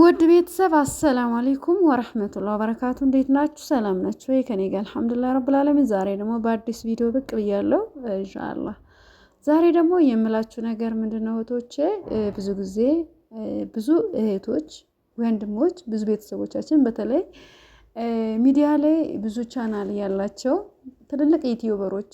ውድ ቤተሰብ አሰላሙ አሌይኩም ወረህመቱላ በረካቱ፣ እንዴት ናችሁ? ሰላም ናችሁ ወይ? ከኔ ጋር አልሐምዱላ ረብል ዛሬ ደግሞ በአዲስ ቪዲዮ ብቅ ብያለሁ እንሻላ ዛሬ ደግሞ የምላችሁ ነገር ምንድነው እህቶቼ፣ ብዙ ጊዜ ብዙ እህቶች ወንድሞች፣ ብዙ ቤተሰቦቻችን በተለይ ሚዲያ ላይ ብዙ ቻናል ያላቸው ትልልቅ ዩቲዩበሮች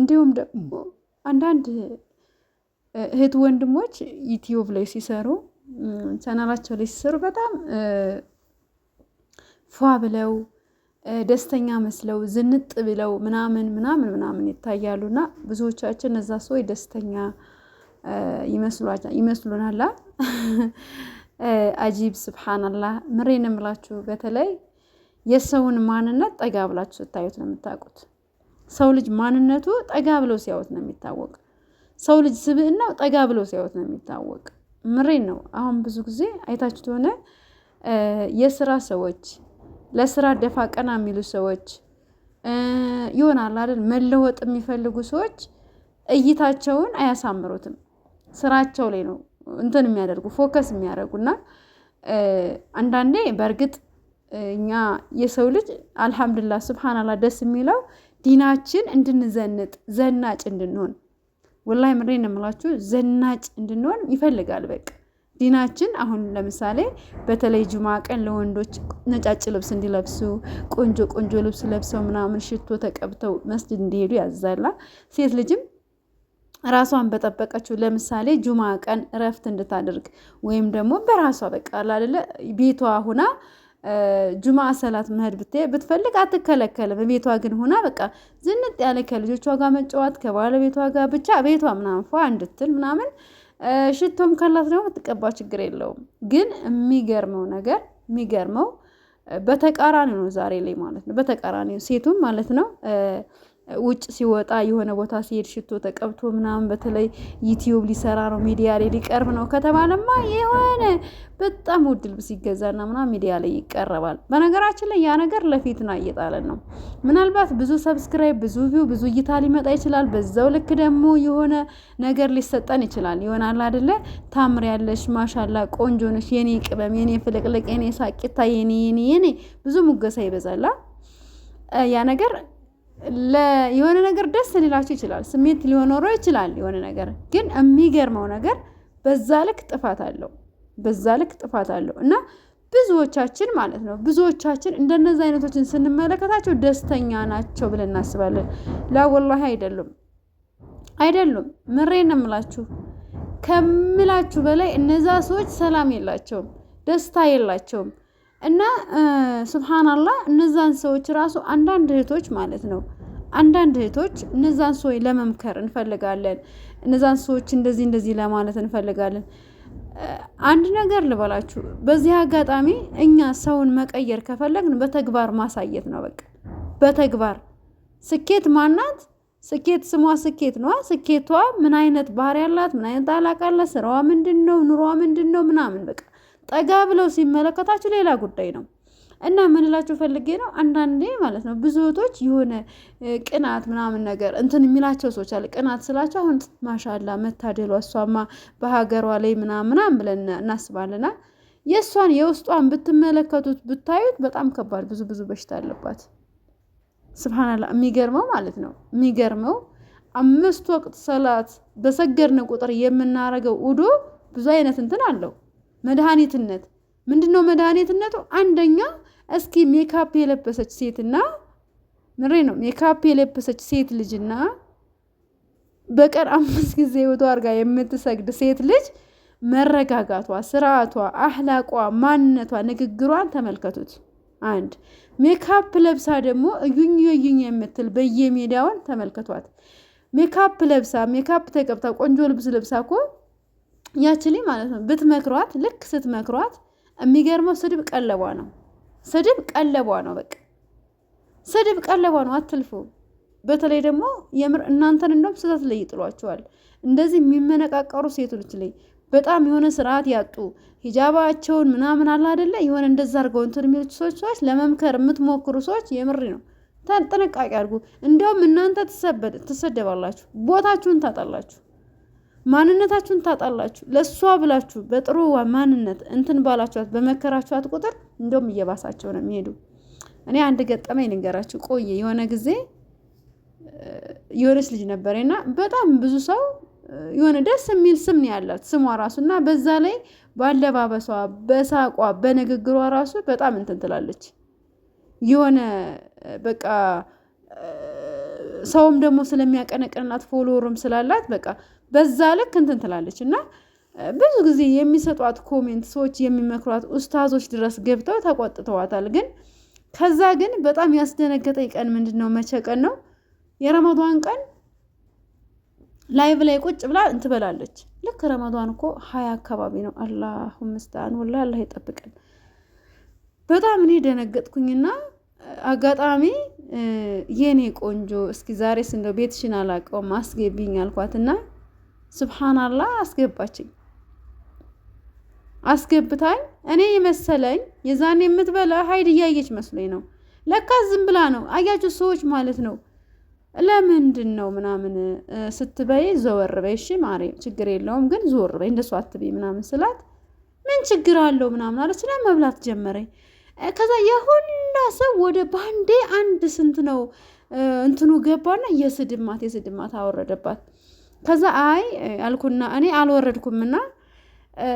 እንዲሁም ደግሞ አንዳንድ እህት ወንድሞች ዩቲዩብ ላይ ሲሰሩ ቻናላቸው ላይ ሲሰሩ በጣም ፏ ብለው ደስተኛ መስለው ዝንጥ ብለው ምናምን ምናምን ምናምን ይታያሉ እና ብዙዎቻችን እዛ ሰዎች ደስተኛ ይመስሉናላ። አጂብ ምሬ ምሬን የምላችሁ በተለይ የሰውን ማንነት ጠጋ ብላችሁ ስታዩት ነው የምታውቁት። ሰው ልጅ ማንነቱ ጠጋ ብለው ሲያዩት ነው የሚታወቅ። ሰው ልጅ ስብዕናው ጠጋ ብለው ሲያዩት ነው የሚታወቅ። ምሬን ነው። አሁን ብዙ ጊዜ አይታችሁ ከሆነ የስራ ሰዎች ለስራ ደፋ ቀና የሚሉ ሰዎች ይሆናል አይደል? መለወጥ የሚፈልጉ ሰዎች እይታቸውን አያሳምሩትም። ስራቸው ላይ ነው እንትን የሚያደርጉ ፎከስ የሚያደርጉና አንዳንዴ በእርግጥ እኛ የሰው ልጅ አልሐምዱላ ስብሓናላ ደስ የሚለው ዲናችን እንድንዘንጥ ዘናጭ እንድንሆን ወላሂ ምሬ ነው የምላችሁ። ዘናጭ እንድንሆን ይፈልጋል። በቃ ዲናችን አሁን ለምሳሌ በተለይ ጁማ ቀን ለወንዶች ነጫጭ ልብስ እንዲለብሱ ቆንጆ ቆንጆ ልብስ ለብሰው ምናምን ሽቶ ተቀብተው መስጅድ እንዲሄዱ ያዛላ። ሴት ልጅም ራሷን በጠበቀችው ለምሳሌ ጁማ ቀን እረፍት እንድታደርግ ወይም ደግሞ በራሷ በቃ ላለ ቤቷ ሁና ጁማ ሰላት መሄድ ብትሄድ ብትፈልግ አትከለከልም። ቤቷ ግን ሆና በቃ ዝንጥ ያለ ከልጆቿ ጋር መጫወት ከባለቤቷ ጋር ብቻ ቤቷ ምናምን ፏ እንድትል ምናምን ሽቶም ካላት ደግሞ ብትቀባ ችግር የለውም። ግን የሚገርመው ነገር የሚገርመው በተቃራኒ ነው ዛሬ ላይ ማለት ነው። በተቃራኒ ሴቱም ማለት ነው ውጭ ሲወጣ የሆነ ቦታ ሲሄድ ሽቶ ተቀብቶ ምናምን በተለይ ዩቲዩብ ሊሰራ ነው ሚዲያ ላይ ሊቀርብ ነው ከተባለማ የሆነ በጣም ውድ ልብስ ይገዛና ምናምን ሚዲያ ላይ ይቀረባል። በነገራችን ላይ ያ ነገር ለፊትና እየጣለን ነው። ምናልባት ብዙ ሰብስክራይብ፣ ብዙ ቪው፣ ብዙ እይታ ሊመጣ ይችላል። በዛው ልክ ደግሞ የሆነ ነገር ሊሰጠን ይችላል። ይሆናል አደለ? ታምር ያለሽ ማሻላ፣ ቆንጆ ነሽ፣ የኔ ቅመም፣ የኔ ፍልቅልቅ፣ የኔ ሳቂታ፣ የኔ የኔ የኔ ብዙ ሙገሳ ይበዛላ ያ ነገር የሆነ ነገር ደስ ሊላቸው ይችላል፣ ስሜት ሊኖረው ይችላል። የሆነ ነገር ግን የሚገርመው ነገር በዛ ልክ ጥፋት አለው፣ በዛ ልክ ጥፋት አለው እና ብዙዎቻችን ማለት ነው ብዙዎቻችን እንደነዚ አይነቶችን ስንመለከታቸው ደስተኛ ናቸው ብለን እናስባለን። ላወላሂ አይደሉም፣ አይደሉም። ምሬ ነው የምላችሁ ከምላችሁ በላይ እነዛ ሰዎች ሰላም የላቸውም፣ ደስታ የላቸውም። እና ስብሓናላህ እነዛን ሰዎች ራሱ አንዳንድ እህቶች ማለት ነው አንዳንድ እህቶች እነዛን ሰዎች ለመምከር እንፈልጋለን። እነዛን ሰዎች እንደዚህ እንደዚህ ለማለት እንፈልጋለን። አንድ ነገር ልበላችሁ፣ በዚህ አጋጣሚ እኛ ሰውን መቀየር ከፈለግን በተግባር ማሳየት ነው። በቃ በተግባር ስኬት ማናት? ስኬት ስሟ ስኬት ነዋ። ስኬቷ ምን አይነት ባህሪ ያላት? ምን አይነት አላቃላት? ስራዋ ምንድን ነው? ኑሯዋ ምንድን ነው? ምናምን በቃ ጠጋ ብለው ሲመለከታችሁ ሌላ ጉዳይ ነው። እና ምንላቸው ፈልጌ ነው አንዳንዴ ማለት ነው ብዙ እህቶች የሆነ ቅናት ምናምን ነገር እንትን የሚላቸው ሰዎች አለ። ቅናት ስላቸው አሁን ማሻላ መታደሏ እሷማ በሀገሯ ላይ ምናምናም ብለን እናስባለና የእሷን የውስጧን ብትመለከቱት ብታዩት በጣም ከባድ ብዙ ብዙ በሽታ አለባት። ስብሓናላ የሚገርመው ማለት ነው የሚገርመው አምስት ወቅት ሰላት በሰገድን ቁጥር የምናረገው ውዶ ብዙ አይነት እንትን አለው መድኃኒትነት ምንድን ነው መድኃኒትነቱ? አንደኛ እስኪ ሜካፕ የለበሰች ሴትና ምሬ ነው ሜካፕ የለበሰች ሴት ልጅና በቀን አምስት ጊዜ ውቶ አርጋ የምትሰግድ ሴት ልጅ መረጋጋቷ፣ ስርዓቷ፣ አህላቋ፣ ማንነቷ፣ ንግግሯን ተመልከቱት። አንድ ሜካፕ ለብሳ ደግሞ እዩኝ እዩኝ የምትል በየሜዳውን ተመልከቷት። ሜካፕ ለብሳ ሜካፕ ተቀብታ ቆንጆ ልብስ ለብሳ እኮ ያችሊ ማለት ነው ብትመክሯት፣ ልክ ስትመክሯት የሚገርመው ስድብ ቀለቧ ነው። ስድብ ቀለቧ ነው። በቃ ስድብ ቀለቧ ነው። አትልፉ። በተለይ ደግሞ የምር እናንተን እንደውም ስህተት ላይ ይጥሏቸዋል። እንደዚህ የሚመነቃቀሩ ሴቶች ላይ በጣም የሆነ ስርዓት ያጡ ሂጃባቸውን ምናምን አለ አደለ የሆነ እንደዛ አድርገው እንትን የሚሉት ሰዎች ለመምከር የምትሞክሩ ሰዎች የምሪ ነው ጥንቃቄ አድርጉ። እንዲያውም እናንተ ትሰደባላችሁ፣ ቦታችሁን ታጣላችሁ። ማንነታችሁን ታጣላችሁ። ለእሷ ብላችሁ በጥሩ ማንነት እንትን ባላችኋት በመከራችኋት ቁጥር እንደውም እየባሳቸው ነው የሚሄዱ። እኔ አንድ ገጠመኝ ልንገራችሁ። ቆየ የሆነ ጊዜ የሆነች ልጅ ነበረ እና በጣም ብዙ ሰው የሆነ ደስ የሚል ስም ነው ያላት ስሟ ራሱ እና በዛ ላይ በአለባበሷ፣ በሳቋ፣ በንግግሯ ራሱ በጣም እንትን ትላለች የሆነ በቃ ሰውም ደግሞ ስለሚያቀነቅንላት ፎሎወርም ስላላት በቃ በዛ ልክ እንትን ትላለች እና ብዙ ጊዜ የሚሰጧት ኮሜንት ሰዎች የሚመክሯት ኡስታዞች ድረስ ገብተው ተቆጥተዋታል። ግን ከዛ ግን በጣም ያስደነገጠኝ ቀን ምንድን ነው? መቼ ቀን ነው? የረመዷን ቀን ላይቭ ላይ ቁጭ ብላ እንትበላለች። ልክ ረመዷን እኮ ሀያ አካባቢ ነው። አላሁ ምስታን ወላ አላህ ይጠብቀን። በጣም እኔ ደነገጥኩኝና አጋጣሚ የኔ ቆንጆ እስኪ ዛሬ እንደው ቤትሽን አላቀው አስገቢኝ አልኳትና ስብሓናላህ አስገባችኝ። አስገብታኝ እኔ የመሰለኝ የዛኔ የምትበላ ሀይድ እያየች መስሎኝ ነው። ለካ ዝም ብላ ነው። አያችሁ ሰዎች ማለት ነው። ለምንድን ነው ምናምን ስትበይ ዘወር በይ እሺ ማሬ ችግር የለውም ግን ዘወር በይ እንደሱ አትበይ ምናምን ስላት ምን ችግር አለው ምናምን አለች። ለመብላት ጀመረኝ ከዛ የሁላ ሰው ወደ ባንዴ አንድ ስንት ነው እንትኑ ገባና የስድማት የስድማት አወረደባት። ከዛ አይ አልኩና እኔ አልወረድኩምና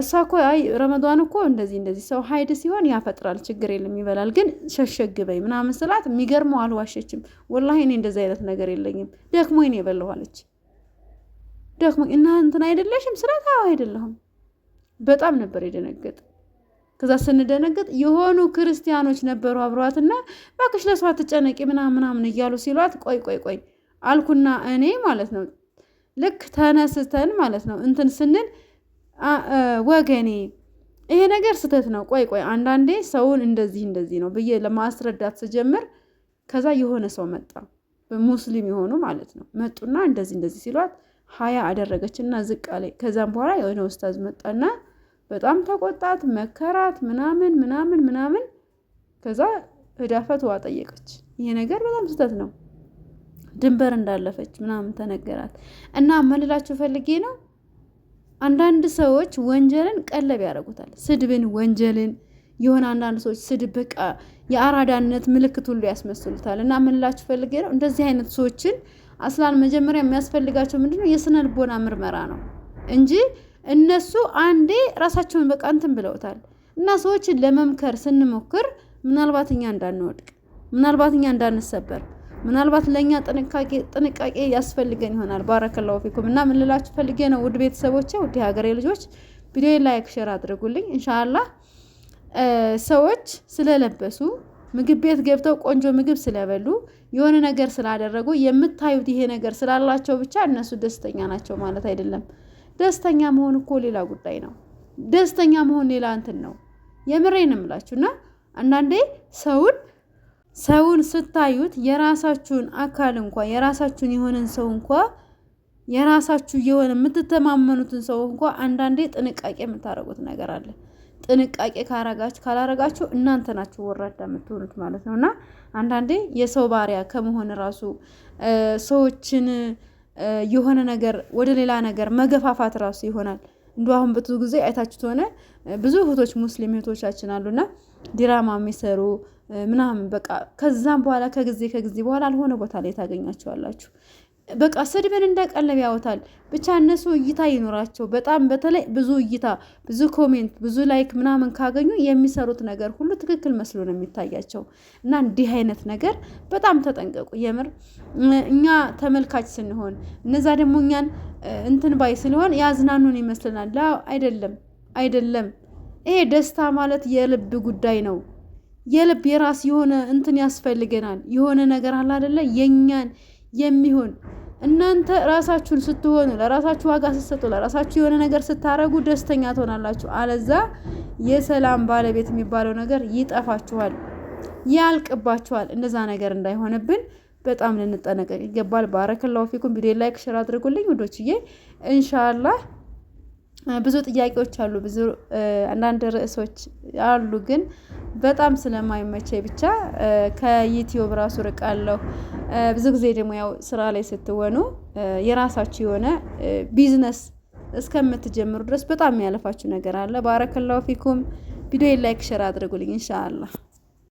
እሷ እኮ አይ ረመዷን እኮ እንደዚህ እንደዚህ ሰው ሀይድ ሲሆን ያፈጥራል፣ ችግር የለም ይበላል፣ ግን ሸሸግበኝ ምናምን ስላት የሚገርመው አልዋሸችም። ወላ እኔ እንደዚህ አይነት ነገር የለኝም ደክሞ ኔ የበላሁ አለች። ደክሞኝ እና እንትን አይደለሽም ስላት አዎ አይደለሁም። በጣም ነበር የደነገጠ ከዛ ስንደነግጥ የሆኑ ክርስቲያኖች ነበሩ አብረዋትና እባክሽ ለሰው አትጨነቂ ምናምን ምናምን እያሉ ሲሏት ቆይ ቆይ ቆይ አልኩና እኔ ማለት ነው ልክ ተነስተን ማለት ነው እንትን ስንል ወገኔ ይሄ ነገር ስህተት ነው። ቆይ ቆይ አንዳንዴ ሰውን እንደዚህ እንደዚህ ነው ብዬ ለማስረዳት ስጀምር ከዛ የሆነ ሰው መጣ፣ ሙስሊም የሆኑ ማለት ነው መጡና እንደዚህ እንደዚህ ሲሏት ሀያ አደረገችና ዝቅ አለ። ከዛም በኋላ የሆነ ኡስታዝ መጣና በጣም ተቆጣት፣ መከራት፣ ምናምን ምናምን ምናምን። ከዛ ሄዳ ፈትዋ ጠየቀች። ይሄ ነገር በጣም ስህተት ነው፣ ድንበር እንዳለፈች ምናምን ተነገራት። እና መልላችሁ ፈልጌ ነው አንዳንድ ሰዎች ወንጀልን ቀለብ ያደርጉታል። ስድብን፣ ወንጀልን የሆነ አንዳንድ ሰዎች ስድብ በቃ የአራዳነት ምልክት ሁሉ ያስመስሉታል። እና ምንላችሁ ፈልጌ ነው እንደዚህ አይነት ሰዎችን አስላን መጀመሪያ የሚያስፈልጋቸው ምንድነው የስነ ልቦና ምርመራ ነው እንጂ እነሱ አንዴ ራሳቸውን በቃ እንትን ብለውታል። እና ሰዎችን ለመምከር ስንሞክር ምናልባት እኛ እንዳንወድቅ፣ ምናልባት እኛ እንዳንሰበር፣ ምናልባት ለእኛ ጥንቃቄ ያስፈልገን ይሆናል። ባረከላሁ ፊኩም እና ምን ፈልጌ ነው ውድ ቤተሰቦቼ፣ ውድ ሀገሬ ልጆች ቪዲዮ ላይክ፣ ሼር አድርጉልኝ። እንሻላ ሰዎች ስለለበሱ ምግብ ቤት ገብተው ቆንጆ ምግብ ስለበሉ የሆነ ነገር ስላደረጉ የምታዩት ይሄ ነገር ስላላቸው ብቻ እነሱ ደስተኛ ናቸው ማለት አይደለም። ደስተኛ መሆን እኮ ሌላ ጉዳይ ነው። ደስተኛ መሆን ሌላ እንትን ነው። የምሬን እምላችሁ እና አንዳንዴ ሰውን ሰውን ስታዩት የራሳችሁን አካል እንኳ የራሳችሁን የሆነን ሰው እንኳ የራሳችሁ የሆነ የምትተማመኑትን ሰው እንኳ አንዳንዴ ጥንቃቄ የምታደርጉት ነገር አለ። ጥንቃቄ ካረጋችሁ ካላረጋችሁ እናንተ ናችሁ ወራዳ የምትሆኑት ማለት ነው እና አንዳንዴ የሰው ባሪያ ከመሆን ራሱ ሰዎችን የሆነ ነገር ወደ ሌላ ነገር መገፋፋት ራሱ ይሆናል። እንዲ አሁን ብዙ ጊዜ አይታችሁት ሆነ ብዙ እህቶች ሙስሊም እህቶቻችን አሉና ዲራማ የሚሰሩ ምናምን በቃ ከዛም በኋላ ከጊዜ ከጊዜ በኋላ አልሆነ ቦታ ላይ ታገኛቸዋላችሁ። በቃ ስድብን እንደ ቀለብ ያወታል። ብቻ እነሱ እይታ ይኖራቸው በጣም በተለይ ብዙ እይታ፣ ብዙ ኮሜንት፣ ብዙ ላይክ ምናምን ካገኙ የሚሰሩት ነገር ሁሉ ትክክል መስሎ ነው የሚታያቸው እና እንዲህ አይነት ነገር በጣም ተጠንቀቁ። የምር እኛ ተመልካች ስንሆን እነዛ ደግሞ እኛን እንትን ባይ ስለሆን ያዝናኑን ይመስልናል። አይደለም፣ አይደለም። ይሄ ደስታ ማለት የልብ ጉዳይ ነው። የልብ የራስ የሆነ እንትን ያስፈልገናል። የሆነ ነገር አለ አይደለ የእኛን የሚሆን እናንተ ራሳችሁን ስትሆኑ ለራሳችሁ ዋጋ ስትሰጡ ለራሳችሁ የሆነ ነገር ስታረጉ ደስተኛ ትሆናላችሁ። አለዛ የሰላም ባለቤት የሚባለው ነገር ይጠፋችኋል፣ ያልቅባችኋል። እንደዛ ነገር እንዳይሆንብን በጣም ልንጠነቀቅ ይገባል። ባረከላሁ ፊኩም። ቪዲዮ ላይክ፣ ሽር አድርጉልኝ ውዶችዬ። ኢንሻአላህ ብዙ ጥያቄዎች አሉ፣ ብዙ አንዳንድ ርዕሶች አሉ፣ ግን በጣም ስለማይመቸኝ ብቻ ከዩትዩብ ራሱ ርቃለሁ። ብዙ ጊዜ ደግሞ ያው ስራ ላይ ስትሆኑ የራሳችሁ የሆነ ቢዝነስ እስከምትጀምሩ ድረስ በጣም የሚያለፋችሁ ነገር አለ። ባረከላሁ ፊኩም። ቪዲዮ ላይክ ሸር አድርጉልኝ ኢንሻአላህ።